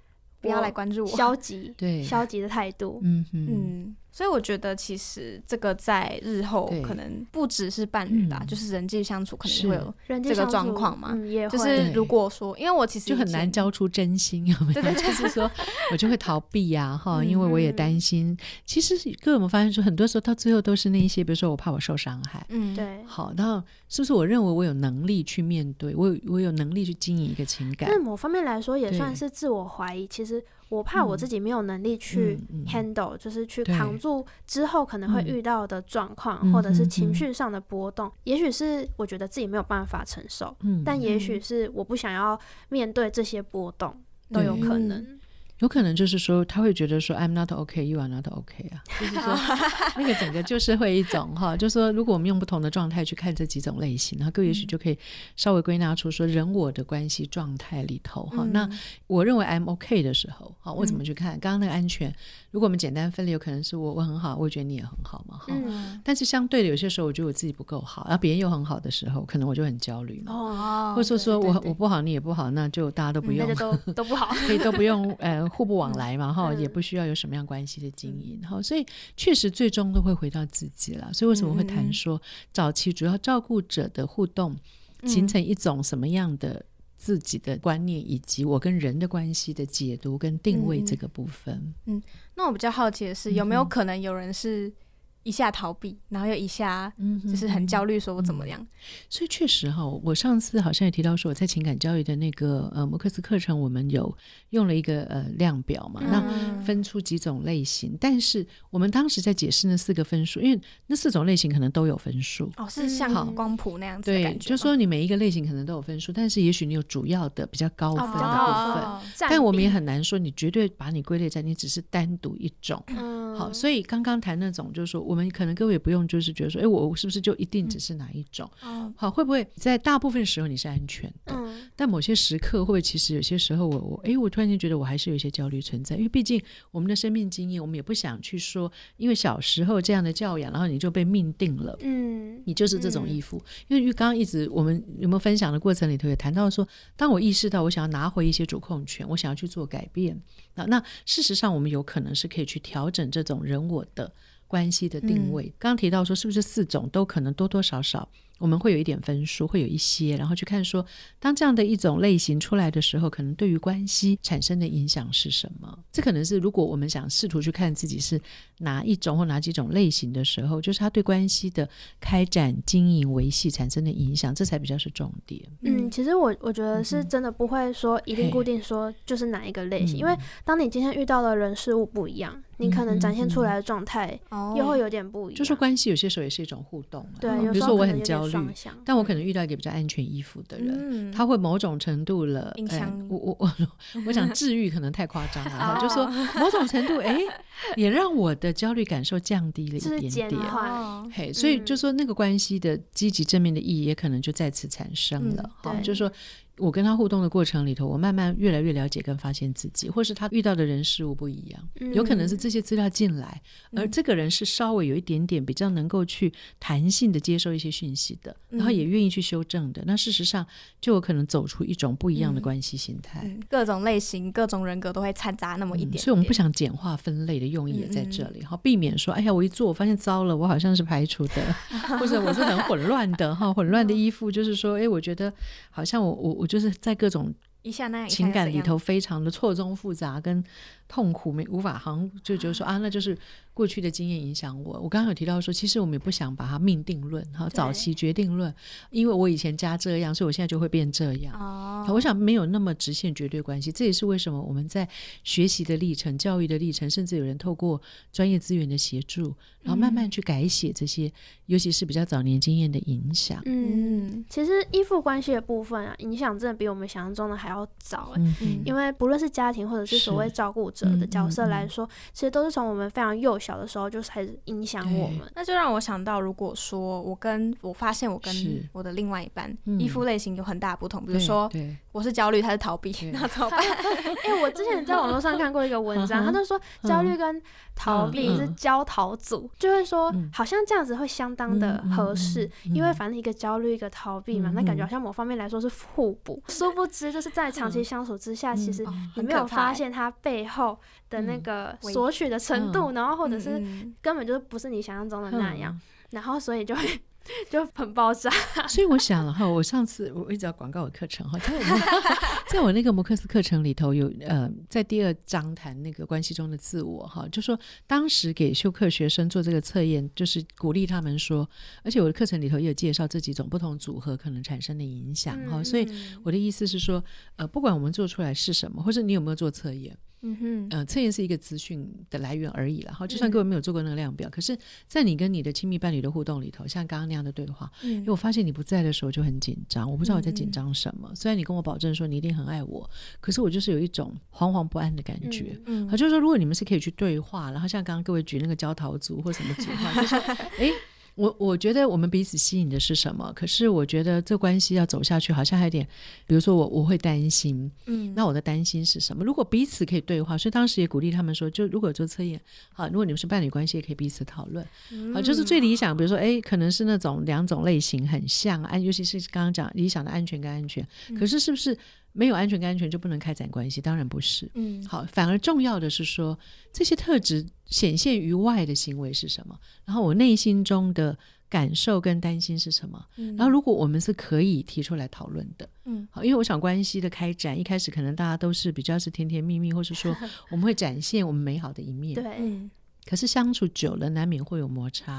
不要來關注我，消極，對，消極的態度，嗯哼。所以我覺得，其實這個在日後可能不只是伴侶吧，就是人際相處可能會有這個狀況嘛。就是如果說，因為我其實就很難交出真心，有沒有？就是說，我就會逃避呀，哈，因為我也擔心。其實各位，有沒有發現說，很多時候到最後都是那一些，比如說我怕我受傷害，嗯，對。好，那是不是我認為我有能力去面對？我有我有能力去經營一個情感？那某方面來說，也算是自我懷疑。其實。我怕我自己沒有能力去 handle、嗯嗯嗯、就是去扛住之後可能會遇到的狀況，嗯、或者是情緒上的波動。嗯嗯嗯、也許是我覺得自己沒有辦法承受，嗯嗯、但也許是我不想要面對這些波動，嗯嗯、都有可能。有可能就是說他會覺得說 I'm not OK, you are not OK 啊，就是說那個整個就是會一種哈，就是說如果我們用不同的狀態去看這幾種類型，然後各位也許就可以稍微歸納出說人我的關係狀態裡頭哈。那我認為 I'm OK 的時候，哈，我怎麼去看？剛剛那個安全，如果我們簡單分離，有可能是我我很好，我也覺得你也很好嘛哈。但是相對的，有些時候我覺得我自己不夠好，然後別人又很好的時候，可能我就很焦慮了。哦，或者說，說我我不好，你也不好，那就大家都不用、嗯，都都不好， (laughs) 可以都不用呃。互不往來嘛，哈、嗯，吼也不需要有什麼樣關係的經營，哈、嗯，所以確實最終都會回到自己了。所以為什麼會談說早期主要照顧者的互動，形成一種什麼樣的自己的觀念，以及我跟人的關係的解讀跟定位這個部分？嗯，嗯，那我比較好奇的是，嗯、有沒有可能有人是？一下逃避，然後又一下，嗯，就是很焦慮，說我怎麼樣？嗯、哼所以確實哈、哦，我上次好像也提到說，我在情感教育的那個呃摩克斯課程，我們有用了一個呃量表嘛，嗯、那分出幾種類型。但是我們當時在解釋那四個分數，因為那四種類型可能都有分數哦，是像光譜那樣子的感覺對。就是、說你每一個類型可能都有分數，但是也許你有主要的比較高分的部分，哦、但我們也很難說你絕對把你歸類在你只是單獨一種。嗯、好，所以剛剛談那種就是說我。可能各位也不用，就是覺得說，哎，我是不是就一定只是哪一種？哦、嗯，好，會不會在大部分時候你是安全的？嗯、但某些時刻，會不會其實有些時候我，我我哎，我突然間覺得我還是有一些焦慮存在，因為畢竟我們的生命經驗，我們也不想去說，因為小時候這樣的教養，然後你就被命定了，嗯，你就是這種依附。嗯、因為剛剛一直我們有沒有分享的過程裡頭也談到說，當我意識到我想要拿回一些主控權，我想要去做改變，那那事實上我們有可能是可以去調整這種人我的關係的定位，剛、嗯、剛提到說，是不是四種都可能多多少少，我們會有一點分數，會有一些，然後去看說，當這樣的一種類型出來的時候，可能對於關係產生的影響是什麼？這可能是如果我們想試圖去看自己是哪一種或哪幾種類型的時候，就是它對關係的開展、經營、維繫產生的影響，這才比較是重點。嗯，其實我我覺得是真的不會說、嗯、哼一定固定說就是哪一個類型，嗯、因為當你今天遇到的人事物不一樣。你可能展現出來的狀態又會有點不一樣，嗯、就是說關係有些時候也是一種互動、啊。對、哦，比如說我很焦慮，嗯、但我可能遇到一個比較安全依附的人，嗯、他會某種程度了，箱哎、我我我,我，我想治癒可能太誇張了哈， (laughs) 就說某種程度，誒、哎， (laughs) 也讓我的焦慮感受降低了一點點。嘿，所以就說那個關係的積極正面的意義，也可能就在此產生了哈，嗯、就說。我跟他互動的過程裡頭，我慢慢越來越了解跟發現自己，或是他遇到的人事物不一樣，嗯、有可能是這些資料進來，而這個人是稍微有一點點比較能夠去彈性的接受一些訊息的，嗯、然後也願意去修正的。那事實上就有可能走出一種不一樣的關係形態，嗯、各種類型、各種人格都會摻雜那麼一點，點、嗯。所以我們不想簡化分類的用意也在這裡，好、嗯、避免說：哎呀，我一做我發現糟了，我好像是排除的， (laughs) 或者我是很混亂的哈， (laughs) 混亂的依附就是說，哎，我覺得好像我我我。就是在各種情感裡頭，非常的錯綜複雜，跟痛苦，沒無法行，就覺得說啊，那就是。過去的經驗影響我，我剛剛有提到說，其實我們也不想把它命定論哈，早期決定論，對因為我以前家這樣，所以我現在就會變這樣、哦、我想沒有那麼直線絕對關係，這也是為什麼我們在學習的歷程、教育的歷程，甚至有人透過專業資源的協助，嗯、然後慢慢去改寫這些，尤其是比較早年經驗的影響。嗯，嗯其實依附關係的部分啊，影響真的比我們想象中的還要早、欸、嗯嗯因為不論是家庭或者是所謂照顧者的角色來說，嗯嗯嗯其實都是從我們非常幼小。小的時候就是還是影響我們，對那就讓我想到，如果說我跟我發現我跟我的另外一半、嗯、依附類型有很大的不同，比如說。我是焦慮，他是逃避，那怎麼辦？因為、 (laughs) (laughs) 欸、我之前在網絡上看過一個文章，他、 (laughs) 嗯、就說焦慮跟逃避是焦逃組，嗯嗯、就是說好像這樣子會相當的合適，嗯嗯嗯、因為反正一個焦慮一個逃避嘛，嗯嗯、那感覺好像某方面來說是互補。嗯嗯、殊不知，就是在長期相處之下，嗯、其實你沒有發現他背後的那個索取的程度，嗯嗯嗯、然後或者是根本就不是你想象中的那樣，嗯、然後所以就會。就很爆炸，所以我想了哈， (laughs) 我上次我一直要廣告我的課程哈， (laughs) 在我那個摩克斯課程裡頭有呃，在第二章談那個關係中的自我哈，就是，說當時給修課學生做這個測驗，就是鼓勵他們說，而且我的課程裡頭也有介紹這幾種不同組合可能產生的影響哈，嗯、所以我的意思是說，呃，不管我們做出來是什麼，或者你有沒有做測驗。嗯哼，呃，測驗是一個資訊的來源而已啦。哈、嗯，就算各位沒有做過那個量表，嗯、可是，在你跟你的親密伴侶的互動裡頭，像剛剛那樣的對話，嗯、因為我發現你不在的時候就很緊張，嗯、我不知道我在緊張什麼。嗯、雖然你跟我保證說你一定很愛我，可是我就是有一種惶惶不安的感覺。嗯，好、嗯啊，就是說，如果你們是可以去對話，然後像剛剛各位舉那個焦逃組或什麼計劃， (laughs) 就是哎。誒我我覺得我們彼此吸引的是什麼？可是我覺得這關係要走下去，好像還有點，比如說我我會擔心，嗯，那我的擔心是什麼？如果彼此可以對話，所以當時也鼓勵他們說，就如果做測驗，啊，如果你們是伴侶關係，也可以彼此討論，好，就是最理想，嗯，比如說誒，可能是那種兩種類型很像，啊，尤其是剛剛講理想的安全跟安全，可是是不是？沒有安全跟安全就不能開展關係？當然不是。嗯，好，反而重要的是說，這些特質顯現於外的行為是什麼？然後我內心中的感受跟擔心是什麼？然後如果我們是可以提出來討論的，嗯，好，因為我想關係的開展一開始可能大家都是比較是甜甜蜜蜜，或是說我們會展現我們美好的一面。 (laughs) 對。可是相處久了，難免會有摩擦，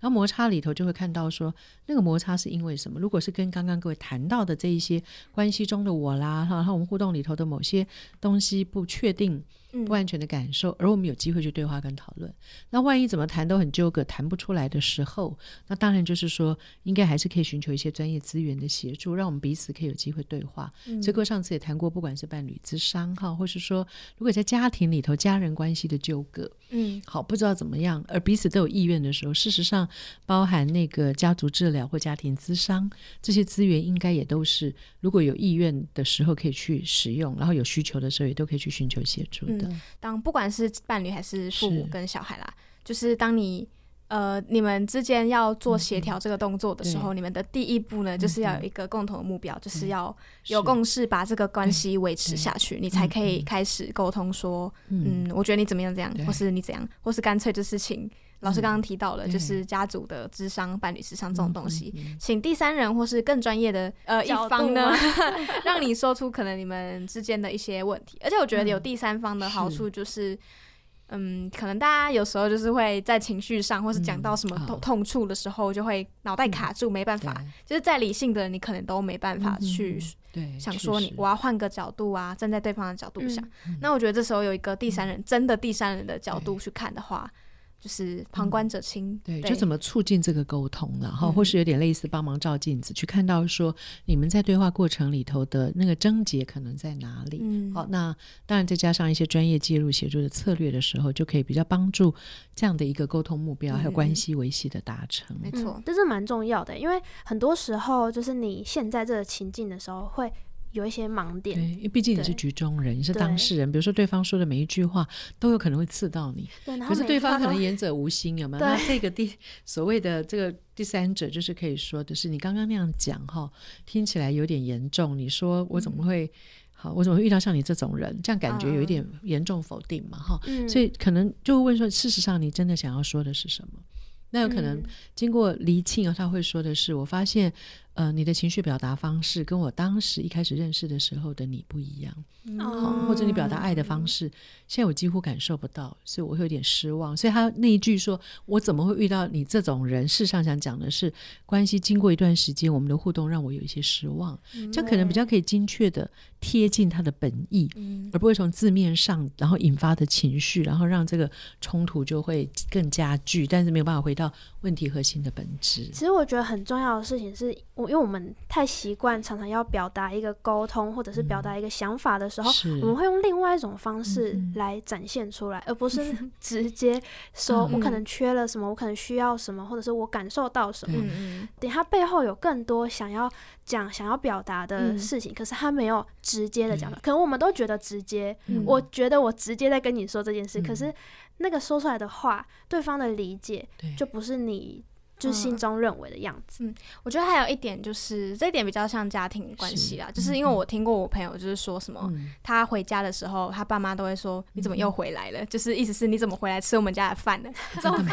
然後摩擦裡頭就會看到說，那個摩擦是因為什麼？如果是跟剛剛各位談到的這一些關係中的我啦，然後我們互動裡頭的某些東西不確定。不安全的感受，而我們有機會去對話跟討論。那萬一怎麼談都很糾葛，談不出來的時候，那當然就是說，應該還是可以尋求一些專業資源的協助，讓我們彼此可以有機會對話。所以各位、嗯、上次也談過，不管是伴侶諮商哈，或是說如果在家庭裡頭家人關係的糾葛，嗯，好不知道怎麼樣，而彼此都有意願的時候，事實上包含那個家族治療或家庭諮商這些資源，應該也都是如果有意願的時候可以去使用，然後有需求的時候也都可以去尋求協助的。嗯當不管是伴侶還是父母跟小孩啦，就是當你呃你們之間要做協調這個動作的時候，你們的第一步呢，就是要有一個共同的目標，就是要有共識，把這個關係維持下去，你才可以開始溝通說，嗯，我覺得你怎麼樣怎樣，或是你怎樣，或是乾脆這事情。老師剛剛提到了，就是家族的諮商，伴侶諮商這種東西，請第三人或是更專業的呃一方呢，讓你說出可能你們之間的一些問題。而且我覺得有第三方的好處就是，嗯，可能大家有時候就是會在情緒上，或是講到什麼痛痛處的時候，就會腦袋卡住，沒辦法。就是再理性的人，你可能都沒辦法去想說你我要換個角度啊，站在對方的角度想。那我覺得這時候有一個第三人，真的第三人的角度去看的話。就是旁觀者清，嗯、對，對就怎麼促進這個溝通，啊，然後或是有點類似幫忙照鏡子，嗯、去看到說你們在對話過程裡頭的那個症結可能在哪裡。好，嗯，那當然再加上一些專業介入協助的策略的時候，就可以比較幫助這樣的一個溝通目標還有關係維繫的達成。嗯、沒錯，這，嗯、是蠻重要的，因為很多時候就是你現在這個情境的時候會。有一些盲點，對，因為畢竟你是局中人，對你是當事人。比如說對方說的每一句話，都有可能會刺到你。可是對，對方可能言者無心，有沒有？沒那這個第對所謂的這個第三者，就是可以說，的是說的是你剛剛那樣講哈，聽起來有點嚴重。你說我怎麼會？嗯、好，我怎麼會遇到像你這種人？這樣感覺有一點嚴重否定嘛？哈、嗯，所以可能就會問說，事實上你真的想要說的是什麼？那有可能經過釐清啊，他會說的是，嗯、我發現。呃，你的情緒表達方式跟我當時一開始認識的時候的你不一樣，嗯、或者你表達愛的方式，嗯、現在我幾乎感受不到，所以我會有點失望。所以他那一句說我怎麼會遇到你這種人，事實上想講的是，關係經過一段時間，我們的互動讓我有一些失望，這、嗯、可能比較可以精確的貼近他的本意，嗯、而不會從字面上，然後引發的情緒，然後讓這個衝突就會更加劇，但是沒有辦法回到問題核心的本質。其實我覺得很重要的事情是。因為我們太習慣常常要表達一個溝通，或者是表達一個想法的時候，嗯、我們會用另外一種方式來展現出來，嗯、而不是直接說“我可能缺了什麼，嗯、我可能需要什麼，或者是我感受到什麼”嗯。等他背後有更多想要講、想要表達的事情，嗯、可是他沒有直接的講法、嗯、可能我們都覺得直接，嗯、我覺得我直接在跟你說這件事，嗯、可是那個說出來的話，對方的理解就不是你。就是心中認為的樣子。嗯，嗯，我覺得還有一點就是，這一點比較像家庭關係啦。是嗯、就是因為我聽過我朋友，就是說什麼、嗯、他回家的時候，他爸媽都會說：“嗯、你怎麼又回來了？”就是意思是你怎麼回來吃我們家的飯呢？嗯、這種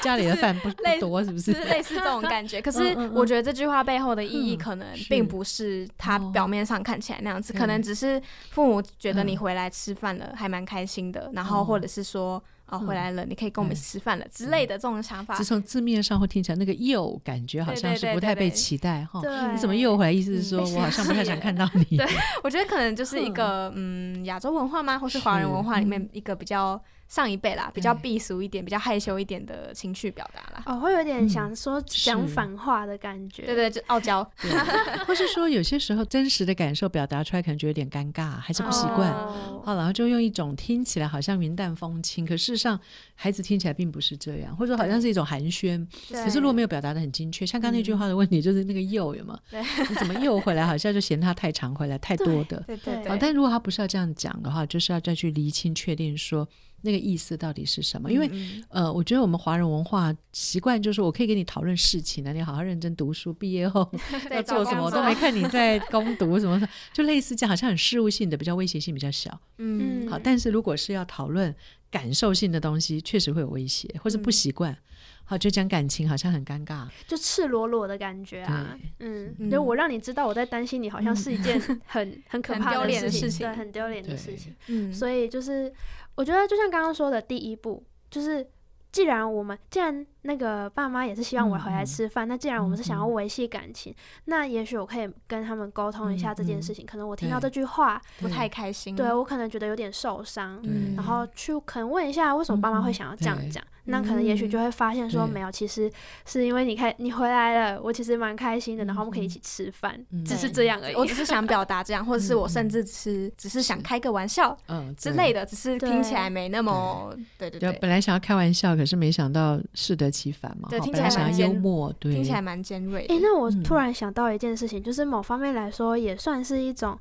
(laughs) 家裡的飯不， (laughs) 是不多，是不是，是類似，是類似這種感覺。可是我覺得這句話背後的意義，可能並不是他表面上看起來那樣子，是可能只是父母覺得你回來吃飯了、嗯、還蠻開心的，然後或者是說，哦，回來了，嗯、你可以跟我們吃飯了對之類的這種想法，從、嗯、字面上會聽起來那個又感覺好像是不太被期待哈。你怎麼又回來？意思是說我好像不太想看到你？對， (laughs) 對我覺得可能就是一個 (laughs) 嗯，亞洲文化嗎，或是華人文化裡面一個比較。上一輩啦，比較避俗一點，對比較害羞一點的情緒表達啦。哦，會有點想說講、嗯、反話的感覺，對，對對，就傲嬌 (laughs) ，或是說有些時候真實的感受表達出來，可能覺得有點尷尬，還是不習慣，好、哦哦，然後就用一種聽起來好像雲淡風輕，可事實上孩子聽起來並不是這樣，或者說好像是一種寒暄，對可是如果沒有表達得很精確，像剛那句話的問題，就是那個又有嘛，對你怎麼又回來，好像就嫌他太常，回來，太多的，對對，對對，對、哦，但如果他不是要這樣講的話，就是要再去釐清確定說。那個意思到底是什麼？因為、嗯、呃，我覺得我們華人文化習慣就是，我可以跟你討論事情啊。你好好認真讀書，畢業後要做什麼，我都沒看你在攻讀什麼的，就類似這樣，好像很事務性的，比較威脅性比較小。嗯，好，但是如果是要討論感受性的東西，確實會有威脅，或是不習慣。嗯好，就講感情好像很尷尬，就赤裸裸的感覺啊。嗯，就我讓你知道我在擔心你，好像是一件很很可怕的事情，對，很丟臉的事情。嗯，所以就是我覺得就像剛剛說的第一步，就是既然我們既然那個爸媽也是希望我回來吃飯，那既然我們是想要維繫感情，那也許我可以跟他們溝通一下這件事情。可能我聽到這句話不太開心，對，我可能覺得有點受傷，然後去可能問一下為什麼爸媽會想要這樣講。那可能也許就會發現說沒有，其實是因為你開你回來了，我其實蠻開心的，然後我們可以一起吃飯，只是這樣而已。我只是想表達這樣，或者是我甚至吃，只是想開個玩笑，嗯，之類的，只是聽起來沒那麼對對對。本來想要開玩笑，可是沒想到適得其反嘛。對，聽起來蠻幽默，對，聽起來蠻尖銳。誒，那我突然想到一件事情，就是某方面來說也算是一種。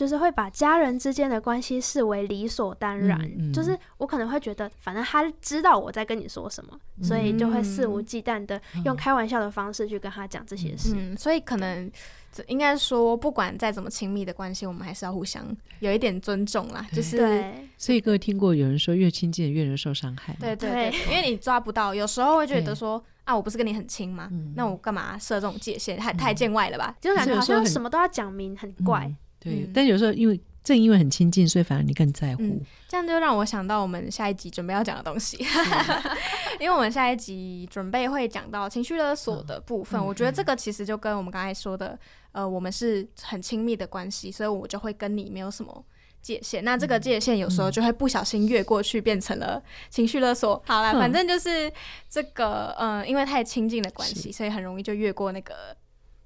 就是會把家人之間的關係視為理所當然，嗯嗯、就是我可能會覺得，反正他知道我在跟你說什麼，嗯、所以就會肆無忌憚的用開玩笑的方式去跟他講這些事，嗯嗯。所以可能對應該說，不管再怎麼親密的關係，我們還是要互相有一點尊重啦。就是，欸，所以各位聽過有人說，越親近越容易受傷害。對對，對，對，因為你抓不到，有時候會覺得說對啊，我不是跟你很親嗎？嗯、那我幹嘛設這種界限？太太見外了吧？嗯、就是感覺好像什麼都要講明，很怪。嗯對，嗯、但有時候因為正因為很親近，所以反而你更在乎。嗯、這樣就讓我想到我們下一集準備要講的東西，嗯、 (laughs) 因為我們下一集準備會講到情緒勒索的部分。哦，嗯、我覺得這個其實就跟我們剛才說的，呃，我們是很親密的關係，所以我就會跟你沒有什麼界限。那這個界限有時候就會不小心越過去，變成了情緒勒索。好啦，嗯、反正就是這個，嗯、呃，因為太親近的關係，是所以很容易就越過那個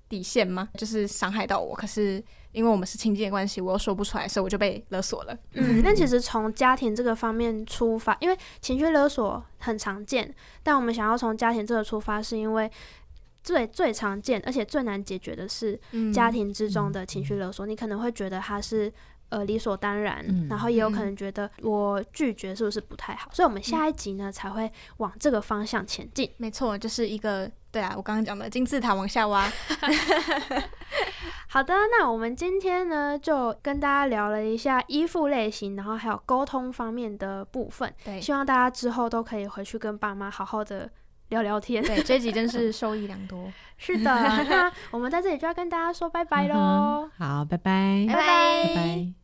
底線嘛，就是傷害到我，可是。因為我們是親戚的關係，我又說不出來，所以我就被勒索了。嗯，但其實從家庭這個方面出發，因為情緒勒索很常見，但我們想要從家庭這個出發，是因為最最常見而且最難解決的是家庭之中的情緒勒索。嗯、你可能會覺得他是呃理所當然，嗯、然後也有可能覺得我拒絕是不是不太好？嗯、所以，我們下一集呢才會往這個方向前進，嗯。沒錯，就是一個。對啊，我剛剛講的金字塔往下挖。 (laughs) (laughs) 好的，那我們今天呢就跟大家聊了一下依附類型，然後還有溝通方面的部分。對，希望大家之後都可以回去跟爸媽好好的聊聊天。對，這集真是受益良多。 (laughs) (laughs) 是的，那我們在這裡就要跟大家說拜拜嘍。好，拜拜，拜拜。